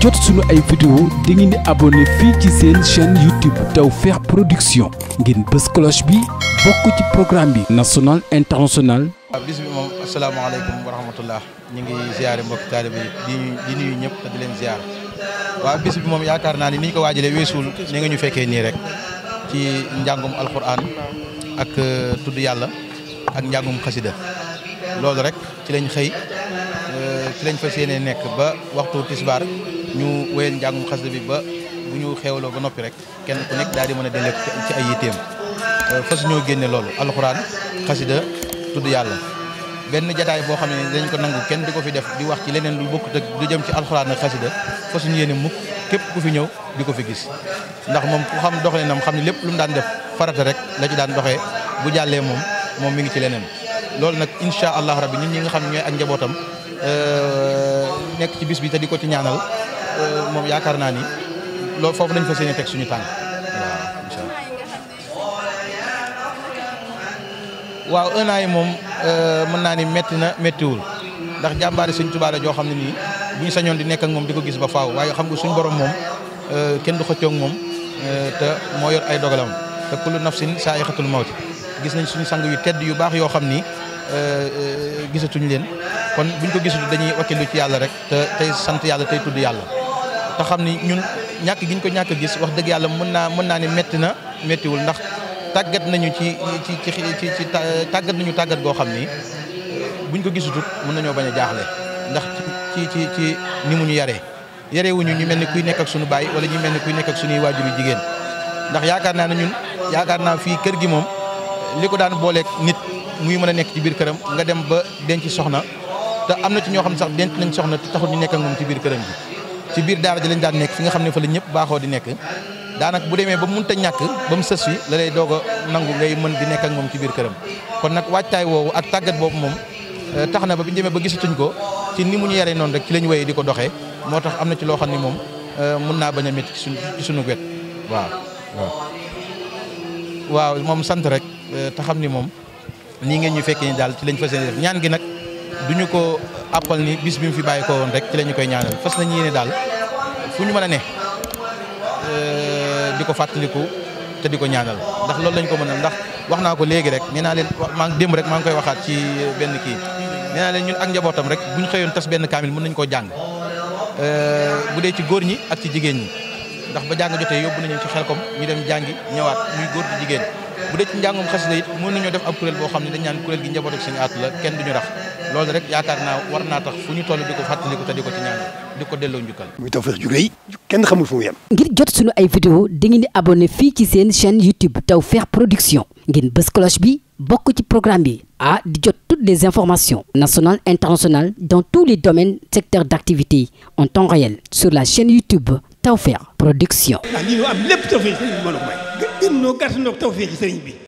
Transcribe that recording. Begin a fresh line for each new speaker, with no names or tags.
jot suñu ay vidéo da ngeen di abonné fii ci seen chaîne YouTube Tawfekh Production ngeen bës cloche bi bokk ci programme bi national international bis bi moom asalaamaaleykum wa rahmatullah ñu ngi ziare mbokki taalibe yi di nuyu ñëpp te di leen ziar waaw bis bi moom yaakaar naa ni ni ñu ko waajalee weesuul ni nga ñu fekkee nii rek ci njàngum alquran ak euh, tudd yàlla ak njàngum xasida loolu rek ci lañ xëy euh, ci lañ fas yéene nekk ba waxtu tisbaar ñu wéyal njàngum xasida bi ba bu ñu xeewloo ba noppi rek kenn ku nekk daal di mën a delleek ci ay yitteem euh, fas ñoo génne loolu alxuraan xasida tudd yàlla benn jataay boo xam ne dañ ko nangu kenn di ko fi def di wax ci leneen lu bokk dëgg du jëm ci alxuraan ak xasida fas ñu yéene mukk képp ku fi ñëw di ko fi gis ndax moom ku xam doxalinam xam ne lépp lu mu daan def farata rek la ci daan doxee bu jàllee moom moom mi ngi ci leneen loolu nag incha allah rabbi ñun ñi nga xam ne ñooy ak njabootam euh, nekk ci bi te di ko ci ñaanal Euh, moom yaakaar naa ni loolu foofu lañ fas yéene teg suñu tànk waaw incha yi moom euh, mën naa ni metti na méttiwul ndax jàmbaari Sëñ Tuubaa la joo xam ne nii bu ñu sañoon di nekk moom di ko gis ba faaw waaye xam nga suñu borom moom euh, kenn du xëccoog moom te moo yor ay dogalam te kullu nafsin saa'iqatul mawti gis nañ suñu sang yu tedd yu baax yoo xam ni gisatuñ leen kon buñ ko gisatu dañuy wakkilu ci yàlla rek te tey sant yàlla tey tudd yàlla te xam ni ñun ñàkk gi ñu ko ñàkk gis wax dëgg yàlla mën naa mën naa ne métti na méttiwul ndax tàggat nañu ci ci ci ci ci tàggat nañu tàggat goo xam ni buñ ko gisutut mën nañoo bañ a jaaxle ndax ci ci ci ni mu ñu yare yaree wuñu ñu mel ni kuy nekk ak suñu baay wala ñu mel ni kuy nekk ak suñuy waajuru jigéen ndax yakaar naa ne ñun yaakaar naa fii kër gi moom li ko daan booleeg nit muy mën a nekk ci biir këram nga dem ba denc soxna te am na ci ñoo xam ne sax denc nañ soxna taxul ñu nekk ak ci biir këram bi ci biir daara ji lañ daan nekk fi nga xam ne fa la ñëpp baaxoo di nekk daanaka bu demee ba mu mun munta ñàkk ba mu sës fi la lay doog a nangu ngay mën di nekk ak moom ci biir këram kon nag waajtaay woowu ak tàggat boobu moom eh, tax na ba bi ñu demee ba gisatuñ ko ci ni mu ñu noonu rek ci lañ wéyee di ko doxee moo tax am na ci loo xam ne moom eh, mun naa bañ a métti ci suñu wet waaw waaw moom sant rek eh, te xam ni moom nii ngeen ñu fekkee ni daal ci lañ fas yéene ñaan gi nag du ñu ko àppal ni bis bi mu fi bàyyi ko woon rek ci la ñu koy ñaanal fas nañu yéene daal fu ñu mën a ne euh, di ko fàttaliku te di ko ñaanal ndax loolu lañ ko mën a ndax wax naa ko léegi rek nee naa leen maa ngi démb rek maa ngi koy waxaat ci benn kii nee naa leen ñun ak njabootam rek bu ñu xëyoon tas benn kaamil mën nañ koo jàng euh, bu dee ci góor ñi ak ci jigéen ñi ndax ba jàng jotee yóbbu nañu ci xelkom ñu dem jàngi ñëwaat muy góor di jigéen bu dee ci njàngum xasida it mën nañoo def ab kuréel boo xam ne dañ ñaan kuréel gi njaboot ak suñu aatu la kenn duñu rax loolu rek yaakaar naa war naa tax fu ñu toll di ko fàttaliku te di ko ci ñaanal di ko delloo njukkal. muy Tawfekh ju rëy kenn xamul fu mu yem. ngir jot sunu ay vidéo dangeen di abonné fii ci seen chaîne YouTube Tawfekh Production ngeen bës bi bokk ci programme bi ah di jot toutes des informations nationales internationales dans tous les domaines secteurs d'activité en temps réel sur la chaîne YouTube Tawfekh Production. ah lii